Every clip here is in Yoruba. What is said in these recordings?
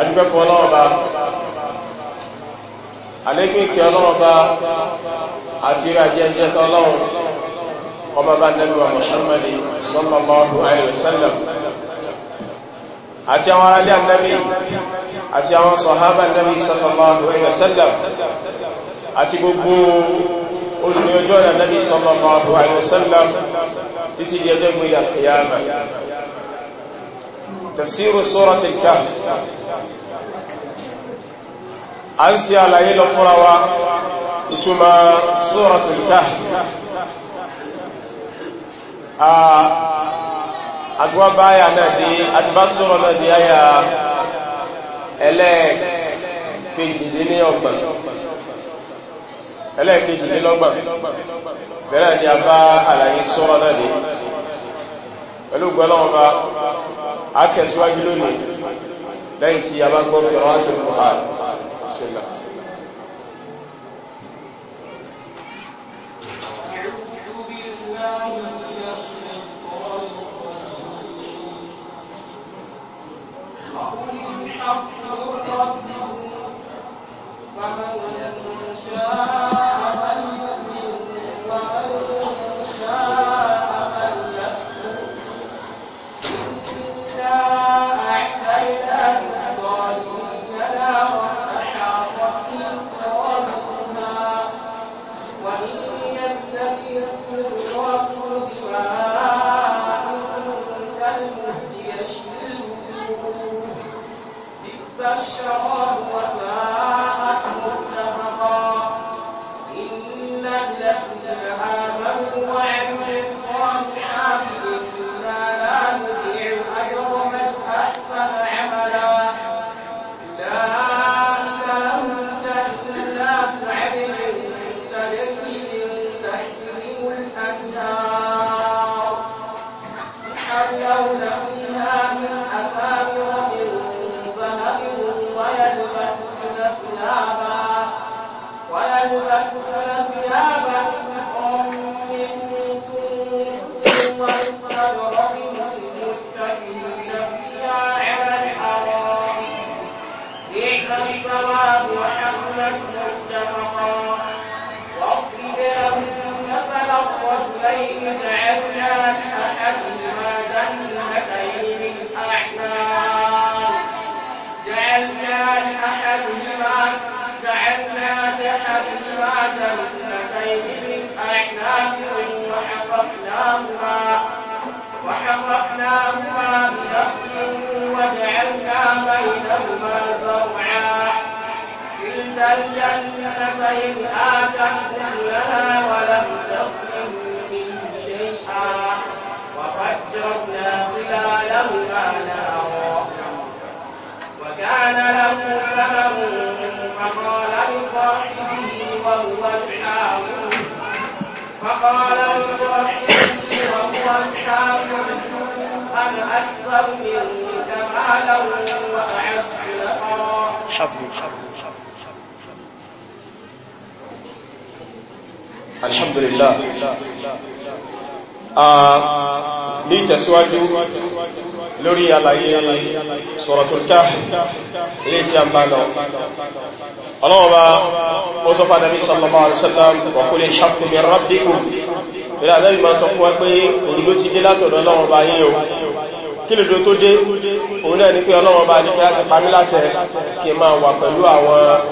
adúgbẹ́kọ̀ ọlọ́ọ̀bá alékèké ọlọ́ọ̀bá àti ìrajẹ́jẹ́ tọ́lọ́run ọba bá nẹ́lúwà Muhammad sallallahu alaihi wasallam àti àwọn alẹ́ annabi àti àwọn sọ̀hábà annabi sallallahu alaihi wasallam àti gbogbo olùgbẹ́jọ́ annabi sallallahu alaihi wasallam títí di ẹjọ́ gbé yàtìyàmà tafsiru suratul Kahf a ń ṣe àlàyé lọ fúnra wa ìtumọ̀ suratul Kahf àtúwà báyà náà dé àti bá sọ́rọ̀ náà dé ayà ẹlẹ́ẹ̀kejìdínlọ́gbọ̀n ẹlẹ́ẹ̀kejìdínlọ́gbọ̀n bẹ̀rẹ̀ ni a bá àlàyé sọ́rọ̀ náà dé pẹ̀lú gbọ́lọ́wọ́ a tẹ̀síwájú lónìí lẹ́yìn tí a bá gbọ́ fi àwọn àjò أن النخلين جعلنا أحدهما جنتين من أعناب جعلنا أحدهما جعلنا وجعلنا بينهما زرعا كلتا الجنتين آتت كلها ولم وأشرقنا خلالهما نارا وكان له ثمر فقال لصاحبه وهو الحاول فقال لصاحبه وهو الحاول أن أكثر منك مالا وأعز نفرا حسبك حسبك الحمد لله آه ní ìtẹ̀síwájú lórí àlàyé Suratul Kahf ilé tí a ń bá lọ ọlọ́ọ̀bá ó sọ fà Nabi sallallahu alaihi wasallam wa qul al-haqqu min rabbikum ilẹ̀ àdáyì máa sọ fún wa tó dé òun náà ní pé ọlọ́ọ̀bá ní pé á ti pàmílásẹ̀ kí máa wà pẹ̀lú àwọn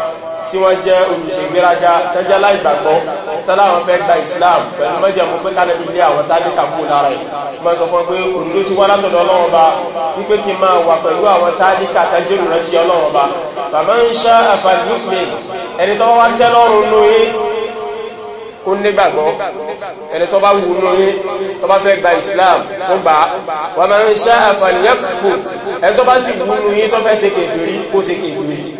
tí wọ́n jẹ́ olùṣègbéraga tẹ́jẹ́ láìgbàgbọ́ tẹ́láwọn fẹ́ gba islam pẹ̀lú mẹ́jẹ̀mú pé kálẹ̀bí lé àwọn tálíkà kú lára ẹ̀ mọ́ sọ fún pé òdúró ti wá látọ̀dọ̀ ọlọ́wọ́n bá wípé kí máa wà pẹ̀lú àwọn tálíkà tẹ́jẹ́ olùrẹ́sí ọlọ́wọ́n bá bàbá ń ṣá àfàlùfẹ́ ẹni tọ́wọ́ islam tó gbà wà máa ń ṣá àfàlùyẹ́kùkù ẹni tó bá sì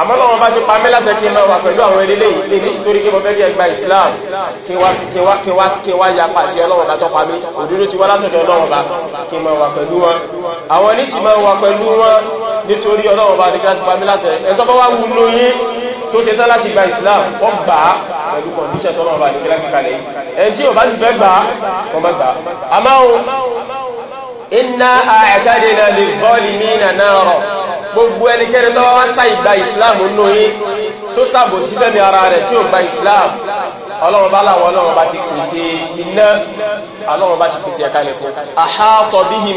àmọ́lọ́wọ́n bá ti pa mí láṣẹ kí n máa wà pẹ̀lú àwọn ilé ilé nítorí kí mo kí ẹgbà Islam kí ya pàṣẹ ọlọ́wọ́n bá tọ́ pa mí ti wá látọ̀dọ̀ ọlọ́wọ́n bá kí n pẹ̀lú wọn gbogbo ẹnikẹ́ni tó wá sáì gba islam nínú yín tó sàbò sí fẹ́mi ara rẹ̀ tí ó gba islam ọlọ́run bá láwọn ọlọ́run ti pèsè iná ọlọ́run ti pèsè ẹ̀kalẹ̀ fún ahátọ̀ bíhìm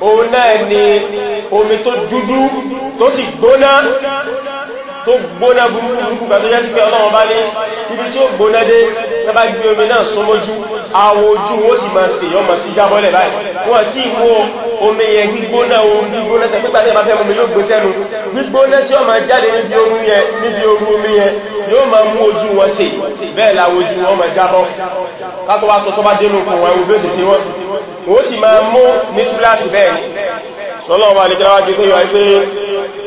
òun náà ni omi tó dúdú tó sì gbóná tó gbóná burúkú kan tó jẹ́ sí pé ọlọ́run bá ní ibi tí ó gbóná dé tẹ́bá gbé omi náà sún mójú àwọ ojú ó sì máa ṣe yọ́ mọ̀ sí jábọ́lẹ̀ báyìí wọ́n tí mú omi yẹn gbígbóná ohun gbígbóná sẹ pípàdé bá fẹ́ omi yóò gbé sẹ́nu gbígbóná tí ó máa jáde níbi orú yẹn níbi orú omi yẹn yóò máa mú ojú wọn ṣe bẹ́ẹ̀ láwọ ojú wọn máa jábọ́ kátó wá sọ tó bá dénú kan wọn ìwé òṣèṣe wọn ó sì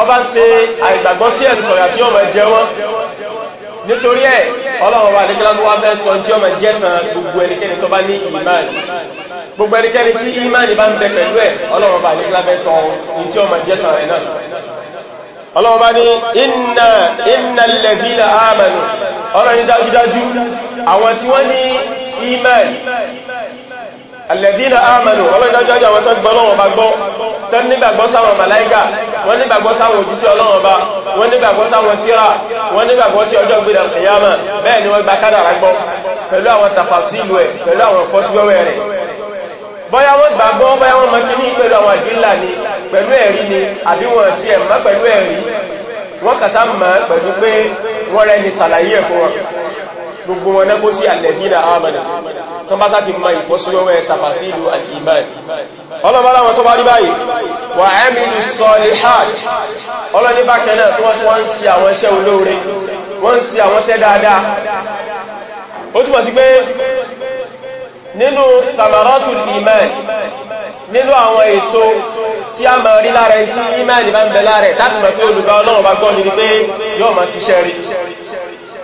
ọba ṣe àìgbàgbọ́ sí ẹ̀sọ̀ àti ọmọ ẹjẹ́ wọn nítorí ẹ̀ ọlọ́run wà nígbàláwọ́ wá fẹ́ sọ tí ọmọ jẹ́sàn gbogbo ẹnikẹ́ni tó bá ní ìmáàlì gbogbo ẹnikẹ́ni tí ìmáàlì bá ń bẹ pẹ̀lú ẹ̀ ọlọ́run wà nígbàláwọ́ sọ tí ọmọ jẹ́sàn rẹ̀ náà ọlọ́run bá ní inna innal ladhina amanu ọlọ́run alẹ́dínà àmàlù ọlọ́dájú ajá wọn tó gbọ́ lọ́wọ́ bá gbọ́ tó nígbàgbọ́ sáwọn màláíkà wọ́n nígbàgbọ́ sáwọn òjíṣẹ́ Ọlọ́run bá wọ́n nígbàgbọ́ sáwọn tíra wọ́n nígbàgbọ́ sí ọjọ́ gbìdà kìyàmà bẹ́ẹ̀ ni wọ́n gba kádàrà gbọ́ pẹ̀lú àwọn tàfàsílù ẹ̀ pẹ̀lú àwọn fọ́síwẹ́wẹ́ rẹ̀ bọ́yá wọ́n gbàgbọ́ bọ́yá wọ́n mọ́ kíní pẹ̀lú àwọn àdílà ni pẹ̀lú ẹ̀rí ni àbí wọn ti ẹ̀mọ́ pẹ̀lú ẹ̀rí wọ́n kàtà mọ́ pẹ̀lú pé wọ́n rẹ̀ ni sàlàyé ẹ̀kọ́ wọn gbogbo wọn náà kó sí àlẹ̀sílà àmàdà kan bá sáti ma ìfọ́síwẹ́wẹ́ tàfàsílù alìmáì ọlọ́bàlá wọn tó bá rí báyìí wà ẹ́mìlú sọ́lẹ̀háàdì ọlọ́ní nínú samaratu ìmáì nínú àwọn èso tí a máa rí lára tí ìmáì bá ń bẹ lára láti mọ̀ pé olùgbà ọlọ́run bá gbọ́ ní pé yóò máa ṣiṣẹ́ rí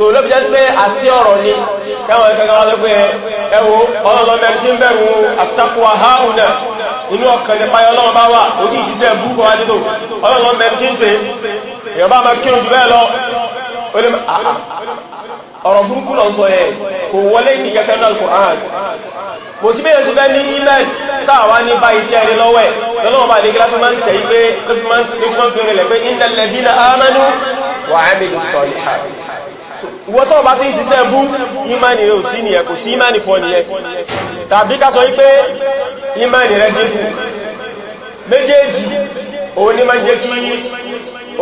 so ló fi jẹ́ pé àsí ọ̀rọ̀ ni káwọn ẹ̀kẹ́kẹ́ wọ́n lọ́pẹ́ ẹwọ ọlọ́lọ́ mẹ́rin tí ń bẹ̀rù àtàkùwà haúnà inú ọkàn nípa ọlọ́wọ́ bá wà ó sì ìṣẹ́ búkọ adétò ọlọ́lọ́ mẹ́rin tí ń ṣe èyàn bá mẹ́ kírùn jù bẹ́ẹ̀ lọ ọ̀rọ̀ burúkú lọ sọ ẹ̀ kò wọlé ní kẹfẹ́ náà kò hàn kò sí bẹ́ẹ̀ sí fẹ́ ní imel táàwá ní bá iṣẹ́ rí lọ́wẹ́ lọ́lọ́wọ́ bá lè gíláfí máa ń tẹ̀ ipé lọ́fí máa rẹ̀ pé ìdẹ̀lẹ̀bí na ámẹ́nu wà á mẹ́lú ìwọ tó bá ti ń ṣiṣẹ́ bú ìmáni rẹ̀ ò sí ni ẹ sí ìmáni fọ́ ni ẹ tàbí ká sọ wípé ìmáni rẹ̀ dínkù méjèèjì òun ni máa jẹ́ kí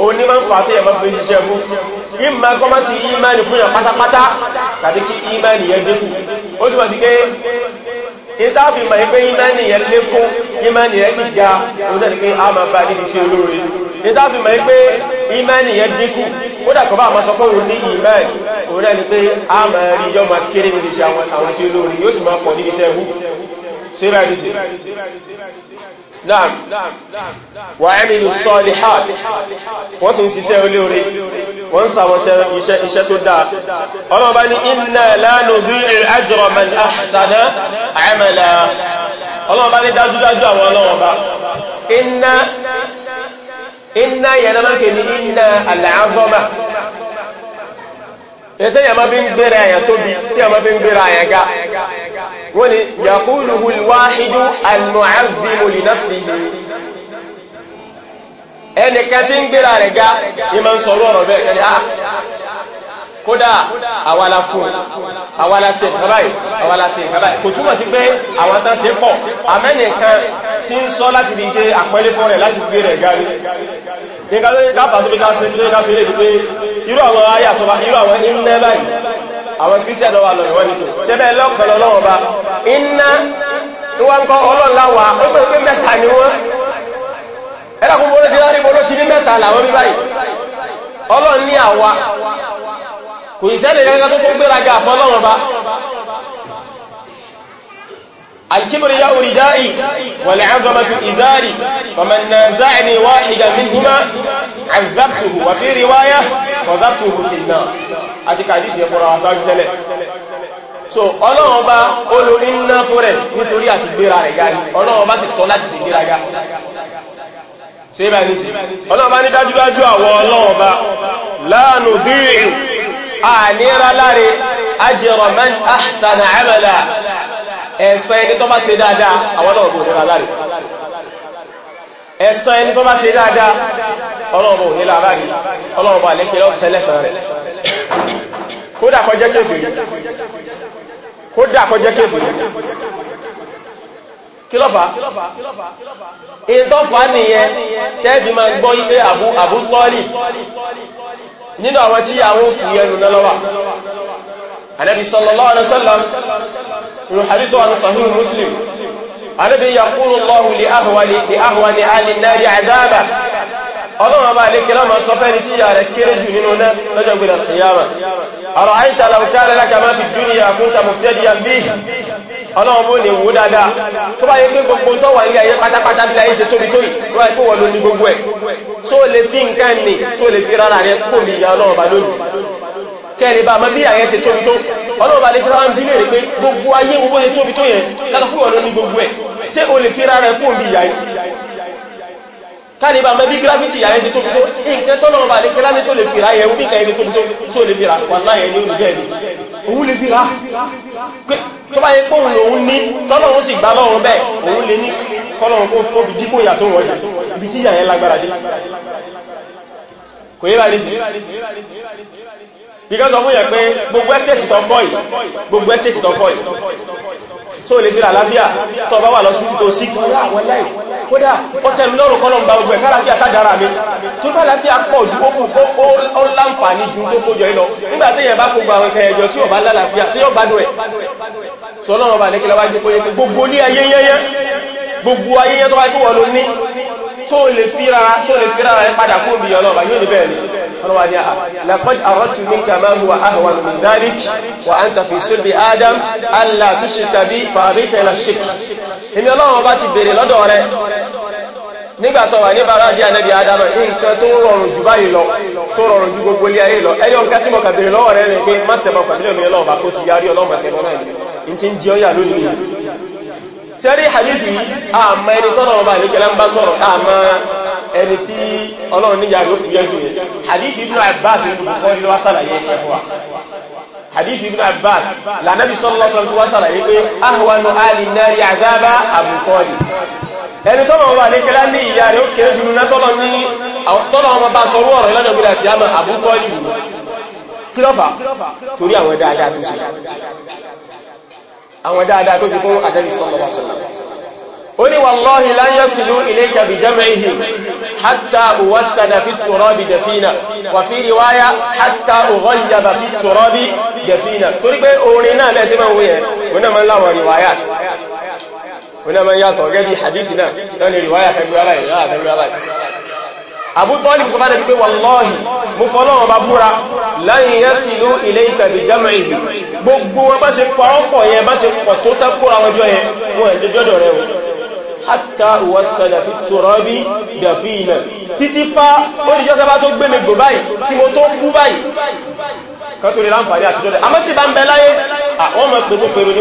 òun ni máa ń fàtí ẹ̀mọ́ fún ìṣiṣẹ́ bú ìmá kọ́ má sí ìmáni fún yàn pátápátá tàbí kí ìmáni dínkù ó túnmọ̀ sí pé ìtàfihàn ìpé ìmáni lékún ìmáni gíga ìtàbí mẹ́ pé ìmẹ́ni yẹn dínkù ó dàkọ̀ bá àmọ́ sọ pé òun ní ìmẹ́ni òun rẹ̀ ni pé a mẹ́ rí yọ́ ma kéré níbi iṣẹ́ àwọn tí olórin yóò sì máa pọ̀ níbi iṣẹ́ ẹ̀hú Naam, wà ẹ́mìlú sọ́ọ̀lì hàt, wọ́n sì ń ṣiṣẹ́ olóore, wọ́n sàwọn iṣẹ́ tó dáa. Ọlọ́run bá ní inna dájúdájú àwọn ọlọ́run bá iná yẹ̀nà máa kè ní iná àlàágọ́mà ẹ̀tẹ́ yà máa bí ń gbéra àyà tóbi tí a máa bí ń gbéra àyà ga wọ́n ni yàkúlù hulwáhidú al-mu'azzimu kódà àwàlá fún àwàlá sí ìkàbáyì àwàlá sí ìkàbáyì kò túnmọ̀ sí pé àwọn tán sí pọ̀ àmẹ́nìkan tí ń sọ láti bí jẹ́ àpẹẹlẹ́ fún rẹ̀ láti gbé rẹ̀ gárí nígbà tó dápàá tó bí ká sí ilé irú àwọn ayà tó bá irú àwọn iná báyìí àwọn kírísíà lọ́wà lọ ìwọ́n nìtò ṣẹ́bẹ̀ lọ́kọ̀lọ́ ni wọ́n kò ìsẹ́lẹ̀ yẹn tó tó gbéraga àfọ́lọ́run bá الكبرياء ردائي والعظمة إزاري فمن نازعني واحدا منهما عذبته وفي رواية وذبته في النار أتك حديث يقول عصاب جلال so ọlọ́run bá olórin ná àti gbéra rẹ̀ gáà ní ọlọ́run bá àníra láre ajẹ́rọ man ahsana amala ẹ̀sọ ẹni tó bá ṣe dáadáa àwọn ọlọ́ọ̀bọ̀ òníra láre ẹ̀sọ ẹni tó bá ṣe dáadáa ọlọ́ọ̀bọ̀ òníra láre ọlọ́ọ̀bọ̀ àlékẹ́lẹ́ ọ̀sẹ̀lẹ́sàn rẹ̀ kódà kó jẹ́ kèfèrí kílọ́fà ìtọ́fà nìyẹn tẹ́bí ma gbọ́ ipé àbútọ́lì nínú àwọn tí yàwó fìyẹnu lọ́wà Ànábì sallallahu alaihi wasallam ní hadith wa sahih Muslim Ànábì yaqulu Allahu li ahwani li ahwani ahli an-nar 'adaba ọlọ́run bá lè kìlọ́mà sọ fẹ́ni tí yà rẹ̀ kéré jù nínú náà lọ́jọ́ fi dunya kunta mubtadi'an bihi ọlọ́run bó lè wó dáadáa tó bá yẹ pé gbogbo tó wà nílẹ̀ ayé pátápátá bí ayé ṣe tóbi tóbi tó wáyé kó wọ́n ló ní gbogbo ẹ̀ tó lè fi nǹkan ní tó lè fi rárá rẹ kó lè ya ọlọ́run bá lónìí kẹrì bá mọ́ bí ayé ṣe tóbi tó ọlọ́run bá lè fi rárá bí lè rí pé gbogbo ayé gbogbo ṣe tóbi tó yẹn kálọ́kú wọ́n ló ní gbogbo ẹ̀ ṣé o lè fi rárá kó lè ya káàdì bá mọ́ bí gíráfìtì ayé ṣe tóbi tó nǹkan tọ́lọ́run bá lè fi rárá ní lè fi rárá yẹn wíkà ẹni tóbi tó tó lè fi rárá wà láyé ní olùgbẹ́ ẹni òun lè fi rá tó bá yẹ pọ́ùn lòun ní tọ́lọ́run sì gbá lọ́run bẹ́ẹ̀ òun lè ní kọ́lọ́run kó fóbi dípò ìyà tó wọ́n jù ibi tí ìyà yẹn lágbára dé kò yí láì sí because ọmọ tó lè fi àlàáfíà tó bá wà lọ sí tó sí kódà ọ̀tẹ̀lú lọ́rùn kọ́lọ̀ bá gbogbo ẹ̀kálàáfíà sájára mi tó sálàáfíà pọ̀ ju ó kù ó láǹfààní ju tó kójọ ìlọ nígbàtí yẹn bá gbogbo àwọn ẹ̀kẹ́ẹ̀jọ tí ó bá lálàáfíà sí ó bá dùn ẹ̀ sọ́lọ́run bá lẹ́kẹ́lẹ́wájú kó yẹ gbogbo ní ayé yẹ́yẹ́ gbogbo ayé yẹ́ tó wáyé wọ́n ló ní tó lè fíra rẹ̀ padà kó bí ọlọ́ba yóò ní bẹ́ẹ̀ ni ọlọ́wà ní àà ah, laqad aradtu minka ma huwa ahwanu min dhalik wa anta fi sulbi adam alla tushrika bi fa'abita ila shirk èmi ọlọ́wọ́n bá ti bèèrè lọ́dọ̀ rẹ̀ nígbàtọ̀ wà ní bára bí anẹ́bí adama nǹkan tó rọrùn jù báyìí lọ tó rọrùn jù gbogbo ilé ayé lọ ẹni ọ̀nkẹ́ tí mọ̀ kàbèrè lọ́wọ́ rẹ̀ rẹ̀ pé má sẹ́mọ̀ pàdílẹ̀ mi ọlọ́ọ̀bá kó sì yárí ọlọ́mọ̀ sẹ́mọ̀ náà ní tí ń jí ọyà lónìí sẹ́rí hadithi àmà ẹni tọ́nà ọba àríkẹ́lá ń bá a ma ẹni tí ọlọ́run níjà ló fi hadithi ibn abbas olùkọ́ ilé wásàlàyé ẹ̀fọ́ hadithi ibn abbas lànàbí sọ́lọ́sọ́ tí wásàlàyé pé ahwanu ali ẹni tọ́nà ọba ní ìyá rẹ̀ ó kéré ní tọ́nà àwọn dáadáa tó ti fún àdẹ́bì sọ́lọ́wọ́sọ́lọ́ Wọ́n náà máa yàtọ̀ gẹ́gẹ́ bí hadith náà lọ́nà ìrìwáyà fẹ́gbẹ́ aláìrẹ́ àfẹ́gbẹ́ aláìrẹ́. Abu Talib sọ fádẹ̀ pé wallahi mú fọ́lọ́wọ́ bá búra lẹ́yìn yasilu ilayka bi jam'ihi gbogbo wọn bá ṣe pọ̀ọ́pọ̀ yẹn bá ṣe pọ̀ tó tákùrà wọjọ́ yẹn wọ́n ẹ̀dẹ́jọ́dọ̀ rẹ̀ wọ́n hatta wasala fi turabi dafina títí fa ó dìjọ́ sábá tó gbé mi àwọn ọmọ pẹ̀lú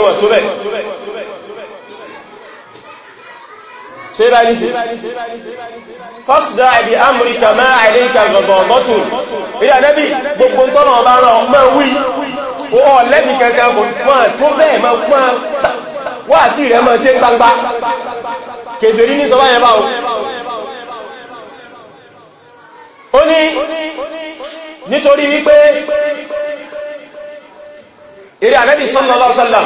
síra ní sí fọ́sùdá ìdí amurika máa àìlẹ́ríkà gbogbo ọ̀tù ìyà nẹ́bí gbogbo tọ́nà ọba rán ọmọ wí ó lẹ́bí kẹta fún tó bẹ́ẹ̀ mọ́ wà sí rẹ̀ mọ́ sí gbangba kèfèrí ní sọ́bá yẹn báwọ́ ó ní nítorí wípé ìrẹ́ ànẹ́bí sallallahu sallam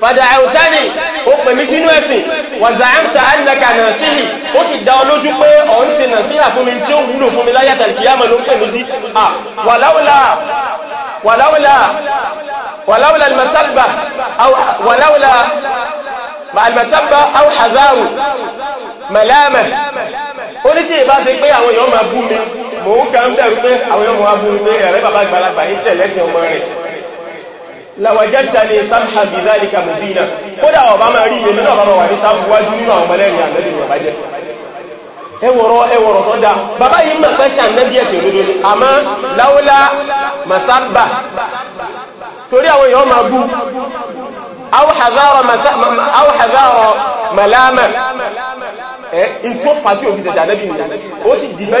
fàdàáwùtánì ó pè mí sínú ẹ̀sìn wàzàáǹtà annaka náà sílì ó sì dá olójú pé ọ̀n sí náà sílà fún mi tí ó wúlò fún mi láyàtà kìyàmà ló pè mí sí ó ní tí ìbá ṣe pé àwọn èèyàn máa bú mi mò ń kà ń bẹ̀rù pé àwọn èèyàn máa bú mi pé ẹ̀rẹ́ bàbá ìgbàlagbà ní tẹ̀lẹ́sìn ọmọ rẹ̀ lawajajtani samha bi dhalika mubina kódà ọba máa rí ìyẹn náà bàbá wà ní sáàbù wájú nínú àwọn mọ̀lẹ́rin àgbẹ̀dì ìwọ̀bá jẹ́ ẹwọ̀rọ̀ ẹwọ̀rọ̀ tó dá bàbá yìí mọ̀ pẹ́sẹ̀ ànẹ́bí ẹ̀sẹ̀ òdodo ni àmọ́ láúlá masabba torí àwọn èèyàn máa bú áwọ̀hàzárọ̀ malama ẹ̀ tó fàtí òfin ṣẹ̀ṣẹ̀ ànẹ́bí ni ó sì dìfẹ́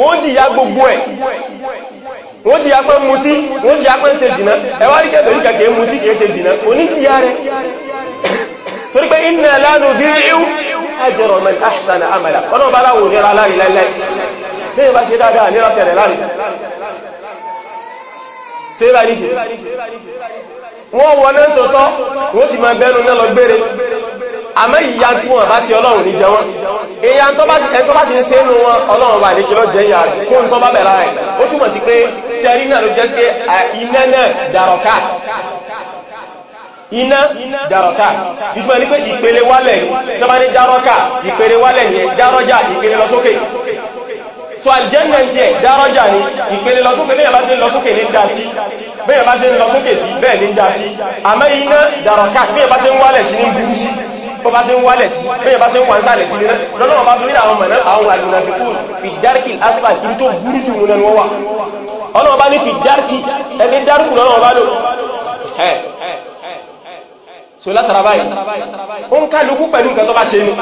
wọ́n jìyà gbogbo ẹ̀ wọ́n jìyà pẹ́ mutí wọ́n jìyà pẹ́ ṣe jìnà ẹwà rí kẹfẹ̀ẹ́ kẹfẹ̀ẹ́ mutí kẹfẹ̀ẹ́ ṣe jìnà oníjìyà rẹ̀ torí pé inna la nudhi'u ajra man ahsana amala ọ̀nà bá láwò nira láàrin láìláì lẹ́yìn bá ṣe dáadáa nira tẹ̀rẹ̀ láàrin ṣe bá ní ṣe wọ́n wọ́n náà tọ́tọ́ wọ́n sì máa bẹ́nu náà lọ gbére àmọ́ ìyá tí wọ́n bá sí ọlọ́run ní jẹ wọ́n èyà tó bá ti ń ṣe inú wọn ọlọ́run wà ní kí lọ jẹ ìyà fún tó bá bẹ̀rẹ̀ rẹ̀ ó túnmọ̀ sí pé sẹ́rí náà ló jẹ́ sí iná náà dàrọ̀ká iná dàrọ̀ká ìtumọ̀ ní pé ìpele wálẹ̀ tó bá ní dàrọ̀ká ìpele wálẹ̀ yẹn dàrọ̀já ìpele lọ sókè so aljanna jẹ́ dàrọ̀já ni ìpele lọ sókè bẹ́ẹ̀ bá ti ń lọ sókè ní dá sí bẹ́ẹ̀ bá ti ń ní dá sí àmọ́ iná dàrọ̀ká bẹ́ẹ̀ bá ti ń wálẹ̀ sí ní burú sí bọ́bá sí ń wálẹ̀ sí bẹ́yẹ̀ bá sí ń wà ń sàlẹ̀ sí náà lọ́nà bá fi rí àwọn mọ̀ná àwọn alùnàfikú fi dárkì asfal kí tó burú jù wọn lọ́wọ́ wà ọlọ́wọ́ bá ní fi dárkì ẹgbẹ́ dárkù lọ́nà bá lò so látara báyìí ó ń kálukú pẹ̀lú nǹkan tó bá ṣe ní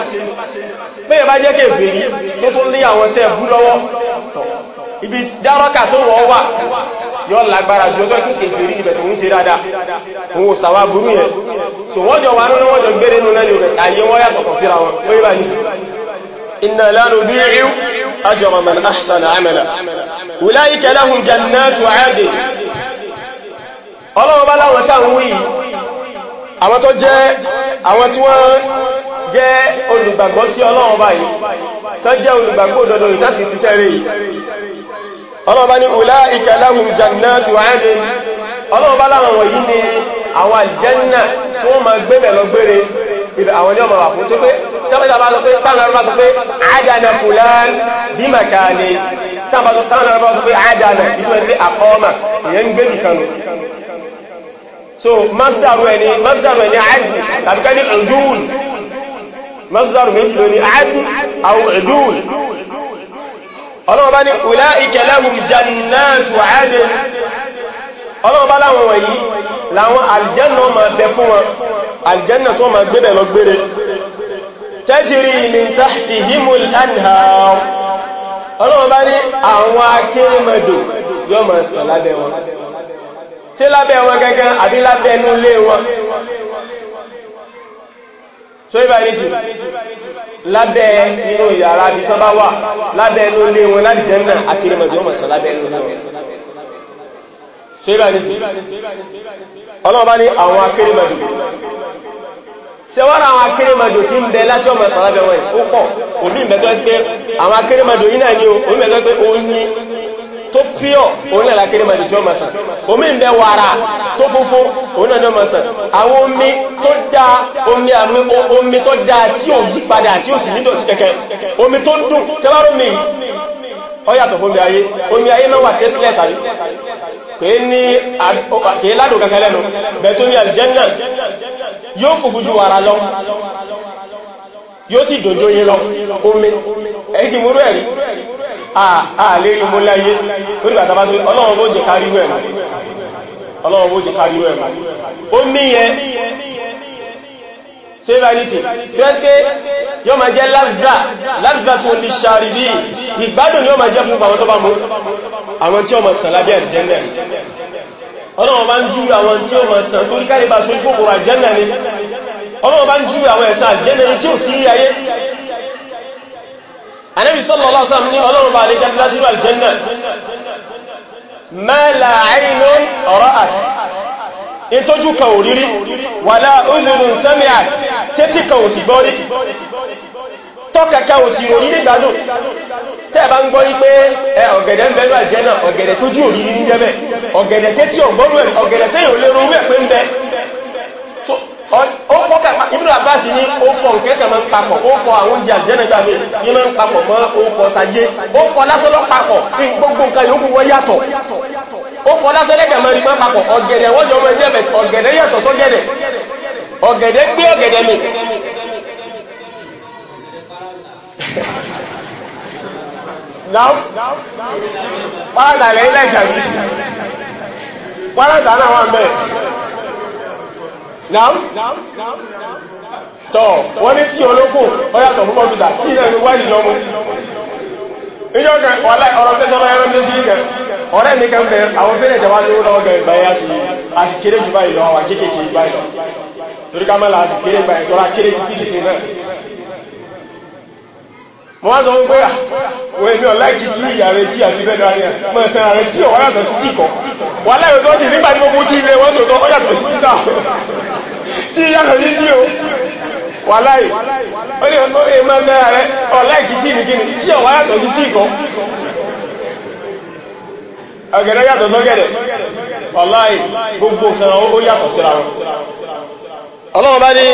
bẹ́yẹ̀ bá jẹ́ kèfèrí tó tó ní àwọn sẹ́ẹ̀bú lọ́wọ́ ibi dárọ́kà tó wọ́ wà yọ́ lágbára jù ọjọ́ kíkè ìfèrí ibẹ̀ tó ń ṣe dáadáa wọn ò burú yẹn so wọ́n jọ wà nínú wọ́n jọ gbére nínú lẹ́nu rẹ̀ ayé wọ́n yàtọ̀ síra wọn ó yíba ní inna la nudhi'u ajra man ahsana 'amala ulaika lahum jannatu 'adn ọlọ́wọ́ ọlọ́ọ̀bá ní ulaika lahum jannatu adn ọlọ́ọ̀bá láwọn wọ̀nyí ni àwọn aljanna tí wọ́n ma gbẹ́bẹ̀ lọ gbére ibẹ̀ àwọn yọ́ ma wà fún tó pé tẹ́bẹ̀ta bá sọ pé tánàrà bá sọ pé so masdaru ẹni masdaru ẹni àádì tàbí ká ní ọdún masdaru méjì ọlọ́ọ̀bá ní ọlá ìkẹlẹ́hùn jannatu adn ọlọ́ọ̀bá láwọn wọ̀nyí láwọn aljanna ma bẹ fún wọn aljanna tó ma gbé bẹ̀lọ gbére tajri min tahtihimul anhar ọlọ́ọ̀bá ní àwọn akérèmọdò yóò ma sọ so ibà ìrìsì lábẹ́ inú ìyàrá bí tán bá wà lábẹ́ inú ilé wọn láti jẹ́ náà akérèmọ̀dé ọmọ sọ lábẹ́ inú wọn so ibà ìrìsì ọlọ́ọ̀bá ní àwọn akérèmọ̀dé ṣe wọ́n àwọn akérèmọ̀dé tí ń bẹ láti ọmọ sọ lábẹ́ wọn tó píọ̀ òun náà lákéré mẹ́rin tí ó mẹ́sàn omi ń bẹ wàrà tó funfun òun náà mẹ́sàn àwọn omi tó dá omi àmì omi tó dá tí ó yí padà tí ó sì nídọ̀ sí kẹ́kẹ́ omi tó ń dùn tẹ́wàrómi ọyàtọ̀ fún ayé omi ayé yóò sì dòjó yí lọ omi ẹ̀yí ti múrú ẹ̀rí ààlérí mú láyé orígbàtàbá tó ọlọ́run bó jẹ kárí ẹ̀mù ọlọ́run bó jẹ kárí ẹ̀mù omi yẹn ṣe bá ní sí tẹ́sẹ́ yóò máa jẹ́ lágbà lágbà tó lè ṣàrí bí ìgbádùn yóò máa jẹ́ fún àwọn tó bá mú àwọn tí ó máa sàn lábẹ́ àjẹ́ndẹ̀ ọlọ́run bá ń jú àwọn tí ó máa sàn tó rí kárí sójú kòkòrò àjẹ́ndẹ̀ ni ọlọ́wọ́ bá ń jú àwọn ẹ̀sà jẹ́mẹ̀rin tí ó sí rí ayé anẹ́bì sọ́lọ̀ ọlọ́sàn ní ọlọ́run bá lè jẹ́ lásìrò aljanna mẹ́lá àìlú ọ̀rọ̀ àti ìtójú kan òrírí wàlá òzùrùn sẹ́mìà tẹ́tí kan òsì gbọ́rí tọ́kẹ̀kẹ́ òsì rò nílé ìgbádùn tẹ́ bá ń gbọ́ ní pé ẹ ọ̀gẹ̀dẹ̀ ń bẹ̀rẹ̀ àjẹ́ náà ọ̀gẹ̀dẹ̀ tó jú òrí ní jẹ́bẹ̀ ọ̀gẹ̀dẹ̀ tẹ́tí ọ̀gbọ́rú ẹ̀ ọ̀gẹ̀dẹ̀ tẹ́yìn olérò rú ẹ̀ pé ń bẹ ó fọ́ kàpá Ibn Abbas ní ó fọ́ mọ́ papọ̀ ó àwọn oúnjẹ àjẹ́nẹ́gbàmí ní mọ́ papọ̀ mọ́ ó fọ́ tayé lásọ́lọ́ papọ̀ ní gbogbo nǹkan yóò wọ́n yàtọ̀ ó fọ́ mọ́ náà tọ́ wọ́n ní tí olókùn ọyàtọ̀ fún kọ̀mpútà tí ilẹ̀ mi wáyìí lọ́mú ọ̀rẹ́ mi kan bẹ̀rẹ̀ àwọn fẹ́rẹ̀ jẹwa ní ó lọ́wọ́ gẹ̀rẹ̀ báyá sí àṣìkéré jù báyìí lọ àwọn kéèkéé báyìí lọ torí ká mọ́lá àṣìkéré báyìí tọ́lá kéré títí lè ṣe náà mo wá sọ wípé àwọn ah, èmi ọ̀láìkì tí ìyàrẹ tí àti bẹ́ẹ̀ dáadé mọ́ ẹ̀sẹ̀ ààrẹ tí ọ̀wọ́ yàtọ̀ sí tíkọ̀ wà láyé tó ti nígbàtí gbogbo tí ilé wọ́n tó tọ́ yàtọ̀ sí títà tí yàtọ̀ sí tí o wà láì ó ní ọkọ̀ èyí máa mẹ́ra rẹ ọ̀láì kìí kìí kìí tí ọ̀wá yàtọ̀ sí tí kan ọ̀gẹ̀dẹ̀ yàtọ̀ sọ́gẹ̀dẹ̀ ọ̀láì gbogbo sọ́rọ̀ ó yàtọ̀ síra wọn ọlọ́run bá ní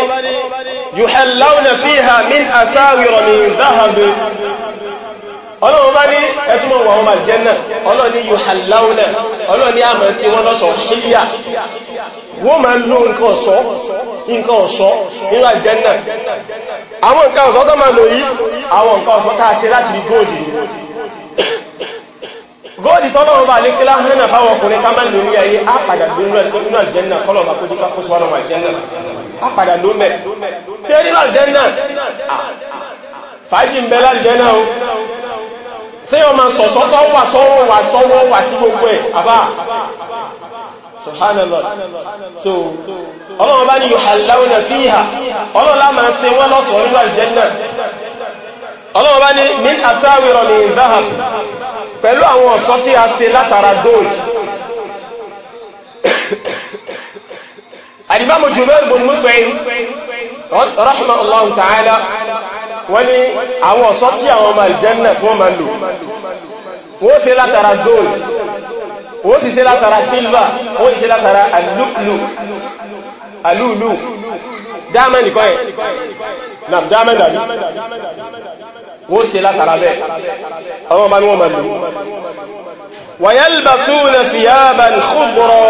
yuhallawna fiha min asawira min zahabi ọlọ́run bá ní ẹtùmọ̀ wà wọn aljanna ọlọ́run ní yuhallawna ọlọ́run wọ́n máa lò nǹkan ọ̀ṣọ́ nǹkan ọ̀ṣọ́ nínú àjẹ́nà àwọn nǹkan ọ̀ṣọ́ tó máa lò yí àwọn nǹkan ọ̀ṣọ́ tàà ṣe láti rí góòdì góòdì tọ́lọ̀ ọba alékílá hẹ́nà báwọn ọkùnrin ká máa lò ní ayé ápàdà lónú àjẹ́nà kọlọ̀ ọba kójí kápó sí wọn àjẹ́nà ápàdà lómẹ̀ tí ó nílò àjẹ́nà fàájì ń bẹ lájẹ́nà o tí ọmọ sọ̀sọ́ tó wà sọ́wọ́ wà sọ́wọ́ wà sí gbogbo ẹ̀ àbá subhanallah so ọlọ́run bá ní yuhallawna fiha ọlọ́run láàmà ṣe wọ́n lọ́sọ̀ nínú aljanna ọlọ́run bá ní min asawira min zahab pẹ̀lú àwọn ọ̀ṣọ́ tí a ṣe látara gold alimamu Jubair bin Mut'im rahimahullahu ta'ala wọ́n ní àwọn ọ̀ṣọ́ tí àwọn ọmọ aljanna fún ọmọ lò wọ́n ṣe látara gold ó sì ṣe látara silva ó sì ṣe látara alúlù diamond nìkan ẹ̀ na diamond àbí ó ṣe látara bẹ́ẹ̀ ọmọ bá ní wọ́n mẹ́lú wàyálbàtúnà fìyàbà khubra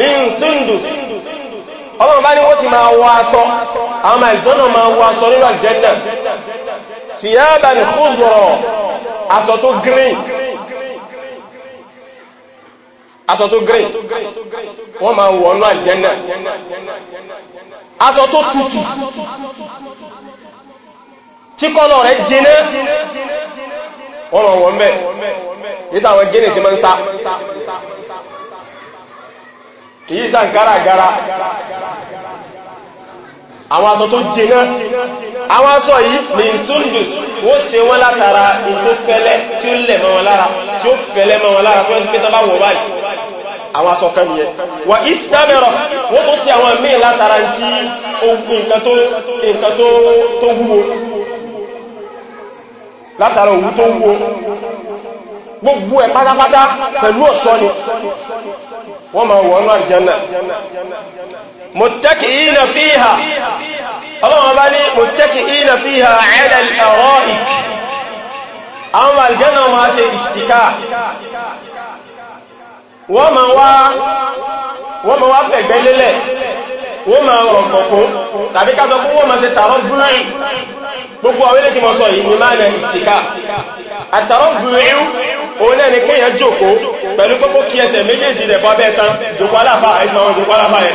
min sindus ọlọ́run bá ní wọ́n ti máa wọ aṣọ àwọn àìsọ́nà máa wọ aṣọ nínú àjẹ́nà fìyàbà khubra aṣọ tó green aṣọ tó grey wọ́n máa wọ̀nú àjẹ́nà aṣọ tó tutù tí kọ́nà rẹ̀ jiná wọ́n máa wọ̀n bẹ́ ìtàwọn gíní ti máa ń sá kìí sá gáràgárà àwọn aṣọ tó jìnà àwọn aṣọ yìí ní sundus wó ṣe wọ́n látara ètò fẹ́lẹ́ tí ó lẹ̀ mọ́ wọn lára tí ó fẹ́lẹ́ mọ́ wọn lára fún ẹsẹ̀ báwọ̀ báyìí àwọn aṣọ kan yẹ wà ìsìtàmẹ́rọ̀ wọ́n tó ṣe àwọn míì látara tí nǹkan tó wúwo látara òwú tó wúwo gbogbo ẹ̀ pátápátá pẹ̀lú ọ̀ṣọ́ ni متكئين فيها اللهم بني متكئين فيها على الأرائك أما الجنة وما تستكاء وما وا وما وا فجلله وما ربكو tàbí ká sọ fún wọ́n ma ṣe tààrọ̀ búrẹ́ì gbogbo àwọn ilé tí mọ́ sọ yìí ni máa òun náà ni kéèyàn jòkó pẹ̀lú pẹ́kó kí ẹsẹ̀ méjèèjì rẹ̀ bọ́ bẹ́ẹ̀ tán jòkó aláfà ẹ̀sìn jòkó aláfà ẹ̀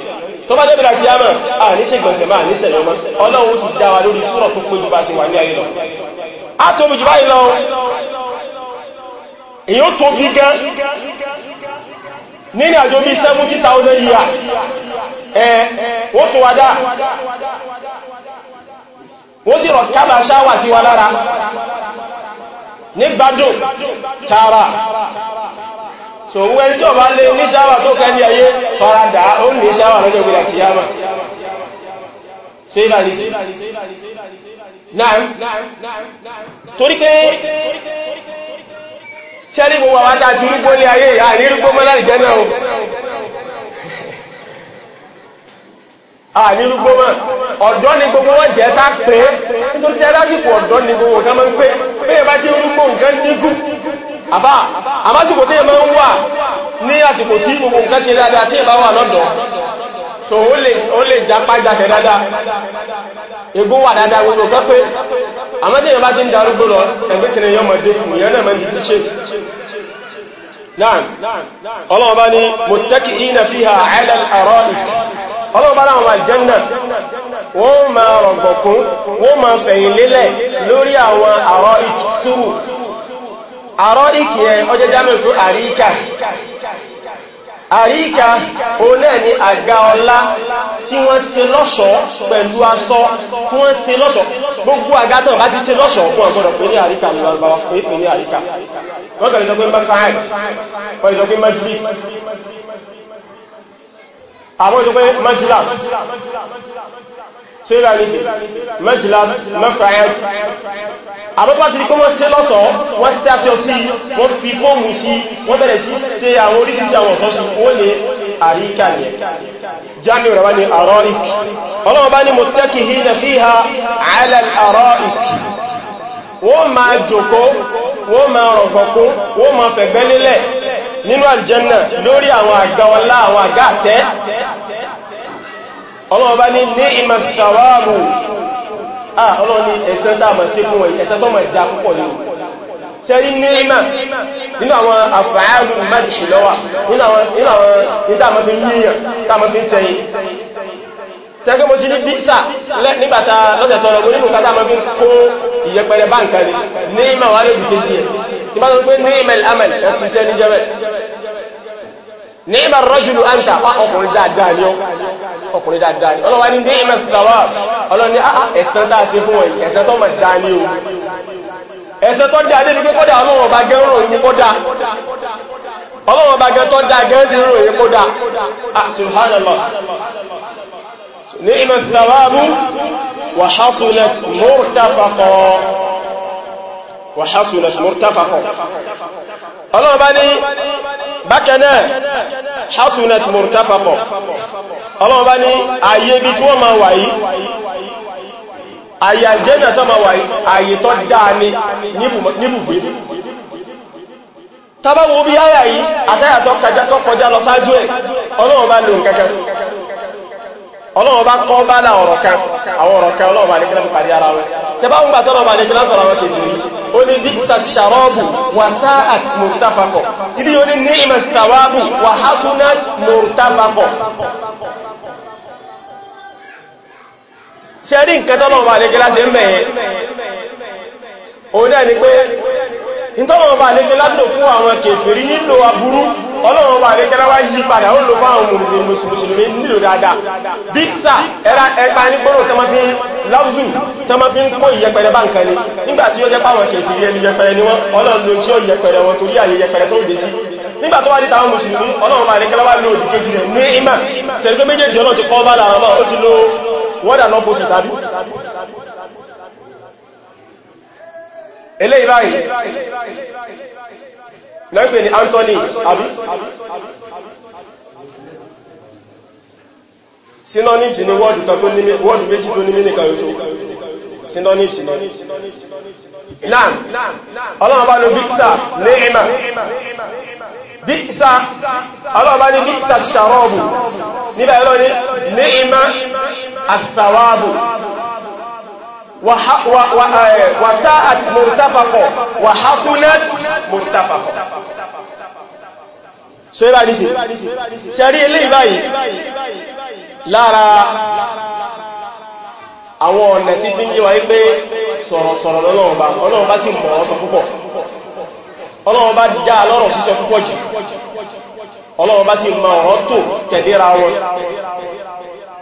tó bá débìnà kí á mọ̀ à ní ṣe gbọ̀nsẹ̀ máa ní sẹ̀yọ́ mọ́ ọlọ́run ti dáwà lórí súrọ̀ tó pé jùbá sí wà ní ayé lọ a tóbi jù báyìí lọ èyí ó tóbi gan nínú àjò bí 70,000 years ẹ wọ́n tó wádá wọ́n sì rọ̀ kábà ṣáwà sí wa lára ní gbádùn tààrà so wọ́n tí ọba lè ní ṣáwà tó kẹ́lẹ̀ ayé farada ó ní ṣáwà lọ́jọ́ ìgbìyà kìyàmà ṣe ìlàrí náà torí pé ṣẹ́lì gbogbo àwọn àtàṣì rúgbó ní ayé ìyá àrírígbó mọ́láì jẹ́ náà àrírígbó mọ́ ọ̀dọ́ ni gbogbo wọ́n jẹ́ tá pé nítorí tí ẹ lásìkò ọ̀dọ́ ni gbogbo nǹkan mọ́ ń pé pé ẹ bá tí rúgbó nǹkan nígùn àbá àmásìkò tí ẹmọ ń wà ní àsìkò tí gbogbo nǹkan ṣe dáadáa tí ẹbá wà lọ́dọ̀ so ó lè jápá jáṣẹ dáadáa egó wà dáadáa gbogbo kan pé àmọ́sí ẹ̀yàn ti ń darúgbó lọ ma yọmọdé ìyẹn náà mẹ́rin ṣe fi ha àrọ́ríkì ẹ ọjọ́ jámẹ́ tó àríkà àríkà o náà ni àga ọlá tí wọ́n ṣe lọ́ṣọ̀ọ́ pẹ̀lú aṣọ tí wọ́n ṣe lọ́ṣọ̀ọ́ gbogbo àga tán bá ti ṣe lọ́ṣọ̀ọ́ fún ọgbọ́dọ̀ pé ní àríkà ní ọgbàwà síra ní mẹ́jìlá mẹ́fàáyẹ́ àbọ́bá ti kọ́ wọ́n ṣe lọ́sọ̀ wọ́n ti tàṣọ sí wọ́n fi kóòmù sí wọ́n bẹ̀rẹ̀ sí ṣe àwọn oríṣìí àwọn ọ̀sọ́ sí ó lè àríkà ní jami rẹ̀wá ní àrọ́rík ọlọ́wọ́ bá ní mutakihina fiha ala al-ara'ik wọ́n m'a jókòó wọ́n m'a rọ̀gbọ̀kún wọ́n m'a fẹ̀gbẹ́ lélẹ̀ nínú aljanna lórí àwọn àga ọlá àwọn àga àtẹ́ ọlọ́run bá ní ní ìmọ̀ sàwárù ah ọlọ́run ní ẹ̀sẹ̀ dáàmà sí fún ẹ̀sẹ̀ tó mọ̀ ìdá púpọ̀ ní ṣẹ́rí ní ìmọ̀ nínú àwọn àfàárù mẹ́jì lọ́wà nínú àwọn ìdámọ́bí yíyàn dámọ́bí sẹ́yìn ṣẹ́gbẹ́ mo ti ní díṣà nígbàtà lọ́sẹ̀ tọrọ orí mú kátà mọ́ bí kún ìyẹpẹrẹ báǹkà ní ìmọ̀ wà lóbi kejì نعم الرجل أنت أقول دادان يوم أقول دادان الله واني نعم الثواب الله واني أه أستطاع سيفوي أستطاع مدان يوم أستطاع دادان يوم قد الله وباقر يوم قد الله وباقر تو دادان يوم قد سبحان الله نعم الثواب وحصلت مرتفقا وحصلت مرتفقا ọlọ́run bá ní bákanáà hasunat murtafaqo ọlọ́run bá ní ayé bí tí wọ́n ma wà yìí ayé àjẹ́nà tó ma wà yìí ayé tó dáa ní níbùgbé tàbáwò bí áyà yìí àtàyàtọ̀ kọjá lọ sáájú ẹ̀ ọlọ́run bá lò nǹkankan ọlọ́wọ́ bá kọ́ bá là ọ̀rọ̀ kan àwọn ọ̀rọ̀ kan ọlọ́wọ́ alẹ́ kílá pàdé ara wọn tẹ bá ń gbà tọ́lọ́wọ́ alẹ́ kílá sọ̀rọ̀ kejì rí ó ní díkta ṣàrọ́bù wà sáàt mọ̀tàfàkọ̀ ibi ó ní ní ìmọ̀ sàwábù wà hásúnát mọ̀tàfàkọ̀ ṣe ni pé ìtọ́lọ̀wọ̀ bá lè kẹlá lò fún àwọn kèfèrí nílò aburú ọlọ́wọ̀ bá lè kẹlá wá yí padà ó lò fáwọn mùsùlùmí nílò dáadáa díksà ẹra ẹpa ní gbọ́rọ̀ tọ́mọ́ fi láwùzù tọ́mọ́ fi ń kó ìyẹpẹrẹ bá nǹkan ni nígbà tí ó jẹ́ páwọn kèfèrí ẹni yẹpẹrẹ ni wọ́n ọlọ́run tí ó yẹpẹrẹ wọn torí àyè yẹpẹrẹ tó dé sí nígbà tó wá ní tàwọn mùsùlùmí ọlọ́run bá lè kẹlá wá lò òdì kejì rẹ̀ ní ìmà sẹ̀rẹ̀gbẹ́ méjèèjì ọlọ́run ti kọ́ bá lára wọn ó ti lo wọ́dà lọ́pọ̀ sí tàbí eléyìí báyìí lẹ́gbẹ̀ ni Anthony àbí synonyms ni wọ́ọ̀dù tó ní wọ́ọ̀dù méjì tó ní mínìkà yóò synonyms ni náà ọlọ́run bá ní bíksà ní ìmà bíksà ọlọ́run bá ní bíksà ṣàrọ́bù nílẹ̀ ẹ̀lọ́ ní ìmà àtàwàbù wàtáàtì mọ̀tàfàkọ̀ wàhásúnẹ́t mọ̀tàfàkọ̀ so ibá nìsí ṣẹ̀rí ilé ìbáyìí lára àwọn ọ̀nà tí tí ń jíwa wípé sọ̀rọ̀sọ̀rọ̀ lọ́lọ́run bá ọlọ́run bá sì mọ̀ ọ́ púpọ̀ ọlọ́run bá dìjá lọ́rọ̀ sísọ púpọ̀ jù ọlọ́run bá sì mọ̀ ọ̀rọ̀ tó tẹ̀léra wọn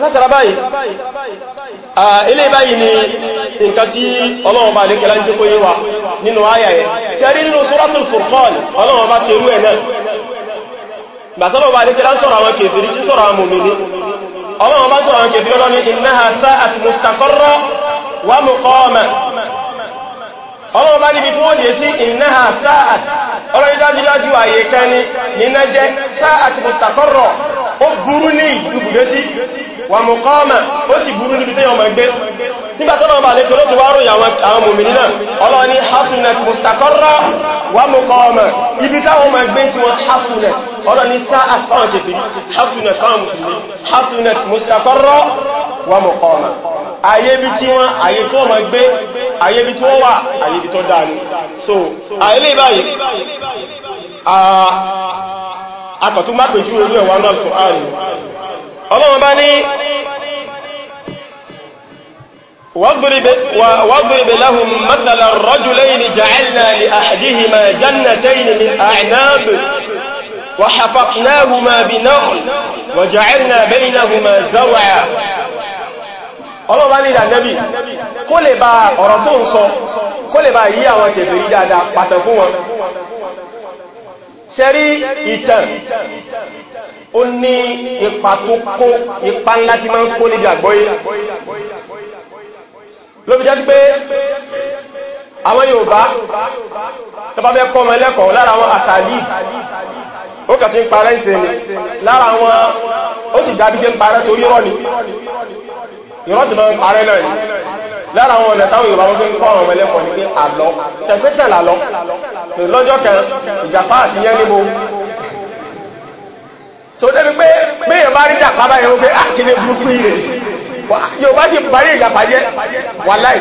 látara báyìí ilé báyìí ni nǹkan tí ọlọ́wọ́n bá lè kẹlá ń jẹ́ kó yé wa nínú ayà ẹ̀ tí a rí nínú suratul Furqan ọlọ́wọ́n bá ṣe irú ẹ̀ náà gbàtọ́lọ́ bá lè kẹlá ń sọ̀rọ̀ àwọn ọlọ́wọ́ bá níbi fún òjè sí ìnáhà sáàt ọlọ́rin dájúdájú àyè kẹni níná jẹ́ sáàt mustaqarra ó burú ní ìdúgbùgbé sí wà muqama ó sì burú níbi tẹ́yàn mọ̀ gbé nígbàtọ́nà ọba lẹ́kọ́ ló ti wá ròyìn àwọn mòmìnì náà ọlọ́ni hasunat wà mọ̀ ayé bí tí wọ́n ayé tó ọmọ gbé ayé bí tí wọ́n wà ayé bí tó dáadé so ayélé báyìí akọ̀tún má pèjú orí ẹ̀wà náà kò áàrùn ọlọ́wọ́n bá ní واضرب لهم مثل الرجلين جعلنا لأحدهما ọlọ́wà ní ìdànẹ́bì kó lè bá ọ̀rọ̀ tó ń sọ kó lè bá yí àwọn kèfèrí dáadáa pàtàkì fún wọn ṣe rí ìtàn ó ní ipa tó kó ipa ńlá tí máa ń kó níbi àgbọ́yé ló fi jẹ́ sí pé àwọn Yorùbá tó bá bẹ́ kọ́ ọmọ ẹlẹ́kọ̀ọ́ lára àwọn àtàlì ó kà sí ń parẹ́ ìsẹ̀ni lára àwọn ó sì dábí sí ń parẹ́ torí rọ́ ni yọ́rọ̀ sì máa ń parẹ́ náà ni lára àwọn ọ̀nà táwọn Yorùbá wọ́n fi ń kọ́ àwọn ọmọlẹ́kọ̀ọ́ ní pé àlọ́ ṣẹ̀pẹ́tẹ̀ lálọ́ lọ́jọ́ kan ìjàpá àti yẹ́ níbo so débi pé bẹ́yẹ̀ bá rí jàpá báyẹ̀ wọ́n pé àkíní ah, burúkú ire Yorùbá sì parí ìjàpá jẹ́ wà láì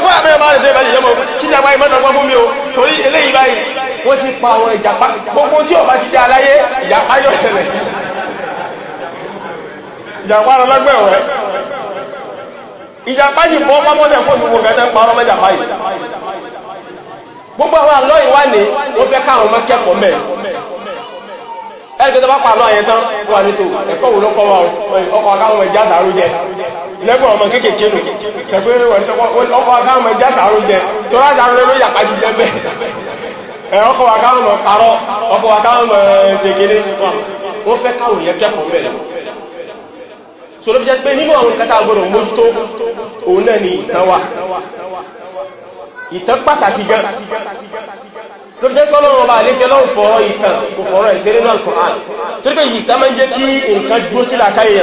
fún àbẹ́rẹ́ bá rẹ̀ sí ìbájẹ̀ yẹ́mọ̀ kí jàpá ìmọ́dọ̀gbọ́n fún mi o torí eléyìí báyìí wọ́n ti pa àwọn ìjàpá gbogbo tí ọba ìjàpá yìí bọ́ pápọ́lẹ̀ fún gbogbo gẹ́gẹ́ parọ́ mẹ́jàpá yìí gbogbo àwọn àlọ́ ìwà ní wọ́n fẹ́ káwọn mọ́ kẹ́kọ̀ọ́ mẹ́ ẹgbẹ́ta bá pàlọ́ àyẹn tán wà ní tó ẹ̀kọ́ wò ló kọ́ wa ọkọ̀ akáwọn ẹja àtàrú jẹ lẹ́gbọ̀n ọmọ kéèkéé nù kẹgbẹ́rẹ́ ọkọ̀ akáwọn ẹja àtàrú jẹ tó látàrú lórí àpá jù lẹ́bẹ̀ ọkọ̀ akáwọn ọ̀pàrọ̀ ọkọ̀ akáwọn ẹ̀ẹ́sẹ̀kẹ́lẹ́ wọ́n fẹ́ káwọn yẹ kẹ́kọ̀ọ́ mẹ́lẹ̀ so ló fi jẹ́ pé nínú àwọn kẹta agbọ́dọ̀ mójútó òun náà ni ìtàn wa ìtàn pàtàkì gan ló fi jẹ́ pé ọlọ́run ọba àlékẹ́ lọ́rùn fọ́rọ̀ ìtàn kò fọ́rọ̀ ìṣeré náà Al-Qur'an tó rí pé ìtàn máa ń jẹ́ kí nǹkan dúró sí làkáyà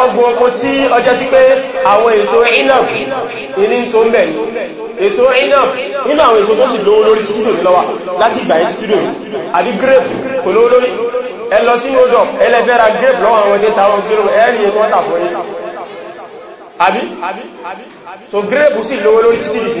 ọgbọ̀n oko tí ọjọ́ sí pé àwọn èso inab ilé ń so ń bẹ̀ èso inab nínú àwọn èso tó sì lówó lórí títí dòní lọ́wà láti ìgbà yẹn títí dòní àbí grape kò lówó lórí ẹ lọ sí mọ́dọ̀ ẹlẹ́fẹ́ra grape lọ́wọ́ àwọn ẹgbẹ́ tàwọn kírò ẹ̀rì ẹ̀kọ́ tàfọ́ yìí àbí so grape sì lówó lórí títí dòní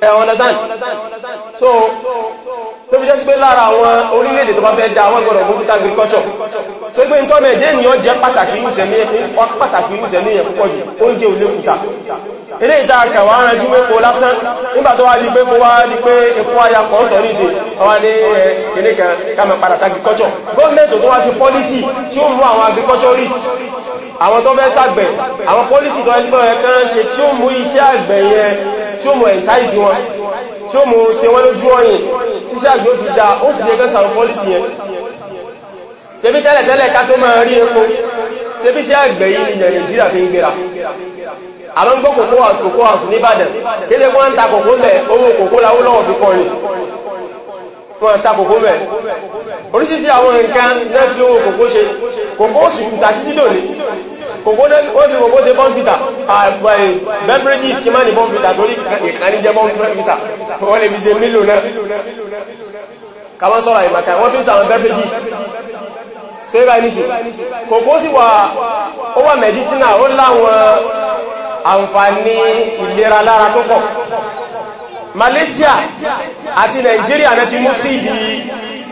ẹ̀wọ̀nàdán so tó fi jẹ́ pé lára àwọn orílẹ̀-èdè tó bá fẹ́ dá àwọn gbọ́dọ̀ gbogbo agriculture tó gbé ní tọ́mẹ̀ jẹ́ ènìyàn jẹ́ pàtàkì ìrúsẹ̀ ní ẹ̀kú pọ̀jù oúnjẹ olókùta ilé ìta àkàwà aránjú pé kó lásán nígbà tó wá di pé kó wá di pé ikú aya kan tọ̀ ní ìsìn àwọn ní ilé kan kàmẹ̀ padà agriculture gọ́ọ̀mẹ́ntì tó wá sí pọ́lísì tí ó mú àwọn agriculturist àwọn tó fẹ́ ṣàgbẹ̀ àwọn pọ́lísì tó ẹgbẹ́ ẹ̀kan ṣe tí ó mú iṣẹ́ àgbẹ̀ yẹn tí ó mú ẹ̀ntáìsì wọn tí ó mú ṣe wọ́n lójú ọyìn tí ṣàgbó ti dá ó sì jẹ́ gẹ́sàn pọ́lìsì yẹn ṣebí tẹ́lẹ̀tẹ́lẹ̀ ká tó máa rí epo ṣebí sí àgbẹ̀ yìí ilẹ̀ Nàìjíríà fi ń gbéra àwọn gbọ́ kòkó àti kòkó àti nìbàdàn kéde wọ́n ń ta kòkó mẹ́ owó kòkó láwó lọ́wọ́ fi kọ́ ni wọ́n ń ta kòkó mẹ́ oríṣiríṣi àwọn nǹkan ògbódẹ́gbóṣe gbogbo ṣe bọ́nfìtà àgbàrí bẹ́bíríjì kí má ní bọ́nfìtà torí ìkàní jẹ bọ́nfìtà wọ́n lè fi ṣe mílò náà kàwọn sọ́rọ̀ ìmàkà wọ́n fi sàwọn bẹ́bíríjì tó yíba ní sí kòkó sí wà ó wà mẹ́dísínà ó láwọn àǹfààní ìlera lára tó pọ̀ Malaysia àti Nigeria náà ti mú sí ìdí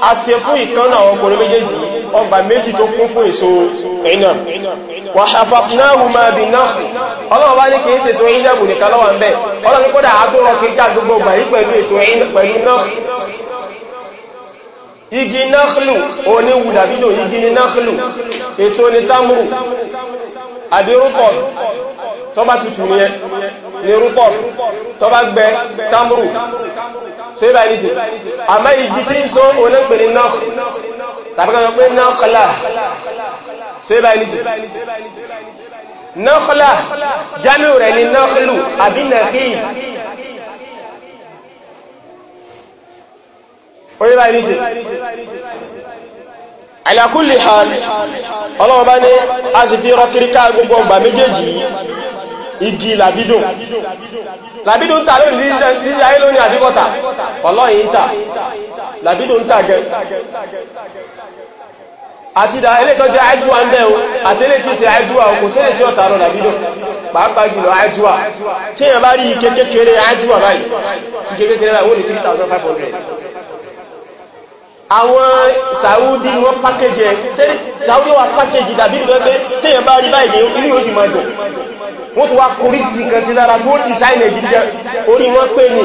a ṣe fún ìkánà ọkùnrin méjèèjì ọgbà méjì tó kún fún èso ẹ̀nà wà ṣàfàkínáhù máa bí náà ọlọ́run bá ní kìí ṣe èso ẹ̀nà bù nìkan lọ́wọ́ ń bẹ́ ọlọ́run kódà àtúrọ kìíkà gbogbo gbà yí pẹ̀lú èso ẹ̀nà pẹ̀lú náà igi náàlù oníwù dàbídò igi ni náàlù èso ni tamuru àbí rúkọ̀ tó bá tutù ní ẹ ni rúkọ̀ tó bá gbẹ tamuru so ibà ìdíje àmá ìdí tí ń sọ onípe ní náà tàbí kan pé náà kọlá so ibà ìdíje náà kọlá jami rẹ̀ ni náà kọlù àbí nàkíl oríbà bá ní igi làbídò làbídò ń tà lónìí ní ayé lónìí àdíkọ́ta ọlọ́yìn ń tà làbídò ń tà gẹ àti ìdá ẹlẹ́tọ́ jẹ́ àìjúwà ń bẹ́ẹ̀ àti ẹlẹ́tí ìsẹ̀ àìjúwà kò sílẹ̀ tí ó tààrọ làbídò pàápàá jùlọ àìjúwà tí èyàn bá rí ike kékeré àìjúwà báyìí ike kékeré báyìí wó ní 3500 àwọn Saudi wọ́n pákéjì ẹ̀ sẹ́rí Saudi wọ́n pákéjì dàbí ìgbẹ́gbẹ́ tí èyàn bá rí báyìí ní orí ó sì máa dùn wọ́n tó wá kórí sí kan sí lára tó dìsáìnì jíjẹ orí wọ́n pè ní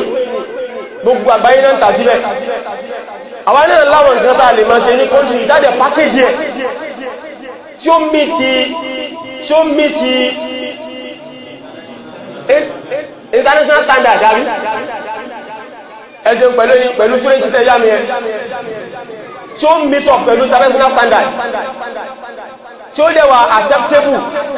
gbogbo àgbáyé náà tàbílẹ̀ àwọn náà láwọn nǹkan tàà lè máa ṣe ní kọ́ntù ìdájẹ̀ pákéjì ẹ̀ tí ó mí ti international standard dárí ẹ̀ṣẹ̀ pẹ̀lú pẹ̀lú fúrẹ́ǹsì tẹ́já mi ẹ̀ tí ó mítọ̀ pẹ̀lú international standard tí ó dẹ̀wà acceptable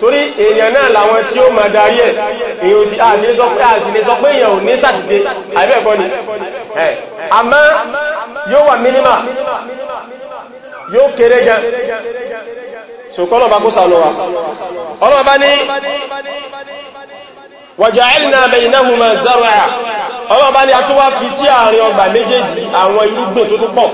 torí èèyàn náà làwọn tí ó máa darí ẹ̀ èèyàn sí àṣìlẹ́sọ pé àṣìlẹ́sọ pé èèyàn ò ní sàtìdé àbẹ́ẹ̀kọ́ ni ẹ̀ àmá yóò wà mínimà yóò kéré gan ṣòkọ́nà bá kó sàlọ́wà ọlọ́ bá ní wàjáìlìnà bẹ̀yìnáhùnmà zar'a ọlọ́ bá ní a tó wá fi sí àárín ọgbà méjèèjì àwọn irúgbìn tó tó pọ̀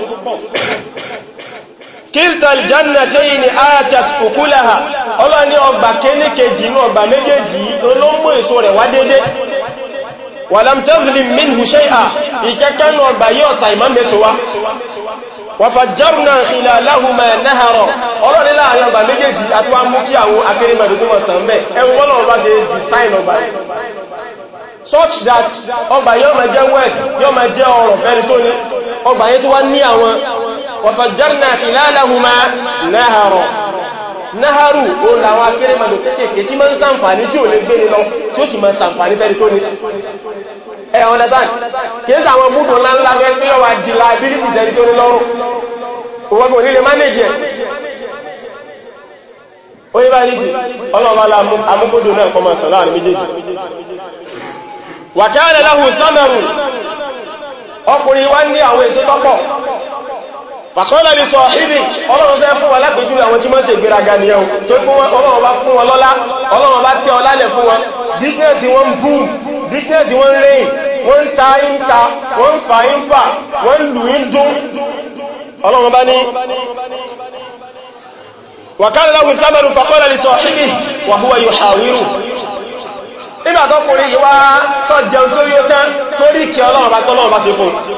kíltọ̀lì jannatẹ́ ni ayatat fòkúláha ọlọ́ ní ọgbà kéníkèjì ní ọgbà méjèèjì olóngbò èso rẹ̀ wá dédé wàlámtẹ́fìlì min hussein ìkẹ́kẹ́nù ọgbà yíò sàìmọ́ mẹ́sọ wá wàfàjárùnà ìlàláhùmẹ̀ náhàrọ̀ ọlọ́ nílá àwọn ọgbà méjèèjì ọba such that ọgbà west ọrọ̀ tó ní ọgbà tó wá ní àwọn وفجرنا خلالهما نهرا náhàrù ó làwọn akérèmàdò kéèkéé tí máa ń sàǹfàní tí ò lè gbé ní lọ tí ó sì máa sàǹfàní fẹ́ni tó ní ẹ̀ ọ̀dásán kìí sàwọn múdù ńláńlá fẹ́ pé ọwà jìlá bílìtì jẹ́ni tó ní lọ́rùn òwọ́gbọ̀n nílé mánéjì ẹ̀ oye bá níjì ọlọ́ọ̀bá amúgbódò náà kọmọ sọ fàkọ́lá ní sọ ìdí ọlọ́run fẹ́ fún wa lápẹjú àwọn tí mọ́ sí ìgbéraga ní ẹun tó fún wọn ọlọ́run bá fún wọn lọ́lá ọlọ́run bá tẹ́ ọlálẹ̀ fún wọn business wọn ń boom business wọn lẹ́yìn wọ́n ta ń wọ́n fa ń wọ́n lù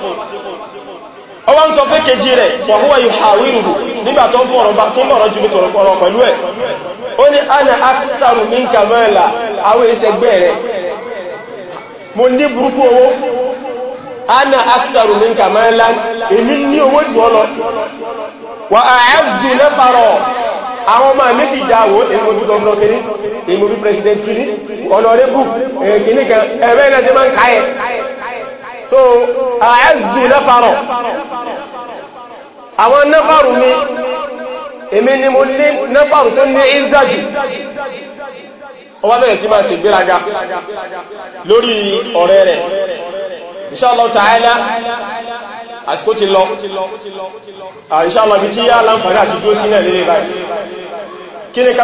ń ó wá ń sọ pé kejì rẹ̀ wọ̀húwà yóò hàwírùrù nígbà tó ń fọ̀rọ̀ jù mítọ̀rọ̀ pẹ̀lú ẹ̀ ó ní ana akitaru minka mẹ́la àwọn ìṣẹ́gbẹ́ rẹ̀ mo ní burúkú owó ana akitaru minka mẹ́la èmi ní owó jù ọlọ wà àẹ́bù lẹ́fàrọ̀ àwọn ọmọ méjì dáwò èmò bí gọ́ọ̀nà kìrí èmò bí president kìrí ọ̀nà rẹ́bù kìníkan ẹ̀rẹ́ ẹ̀nà ti máa ń káyẹ̀ so àẹ́zù náfàrọ̀ àwọn náfàrù mi èmi ni mo ní náfàrù tó ní ìzájì ọwá bẹ̀rẹ̀ sí máa ṣe gbéraga lórí ọ̀rẹ́ rẹ̀ inshallah ta'ala àsìkò ti lọ inshallah bí tí yá láǹfàrí àti dúó sílẹ̀ lè báyìí kí ni ká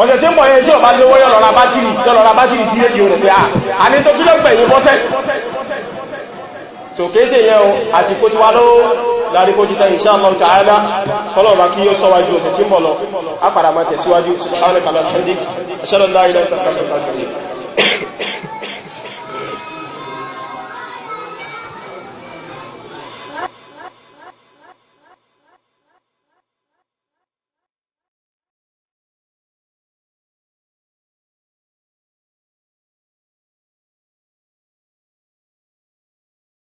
ọ̀sẹ̀ tí ń bọ̀ yẹn tí ọba lówó yọ lọ́ra bátìrì yọ lọ́ra bátìrì tí méjì rò pé ah, à a ní tó kí ló pẹ̀yìn bọ́sẹ̀ so kéèsè yẹn o àsìkò tí wá lọ́wọ́ láríkó jíta insha Allah ta'ala kọlọ̀ọ̀bá kí yóò sọ́wájú ọ̀sẹ̀ tí ń bọ̀ lọ a padà máa tẹ̀síwájú subhanaka Allahumma wa bihamdik ashhadu an la ilaha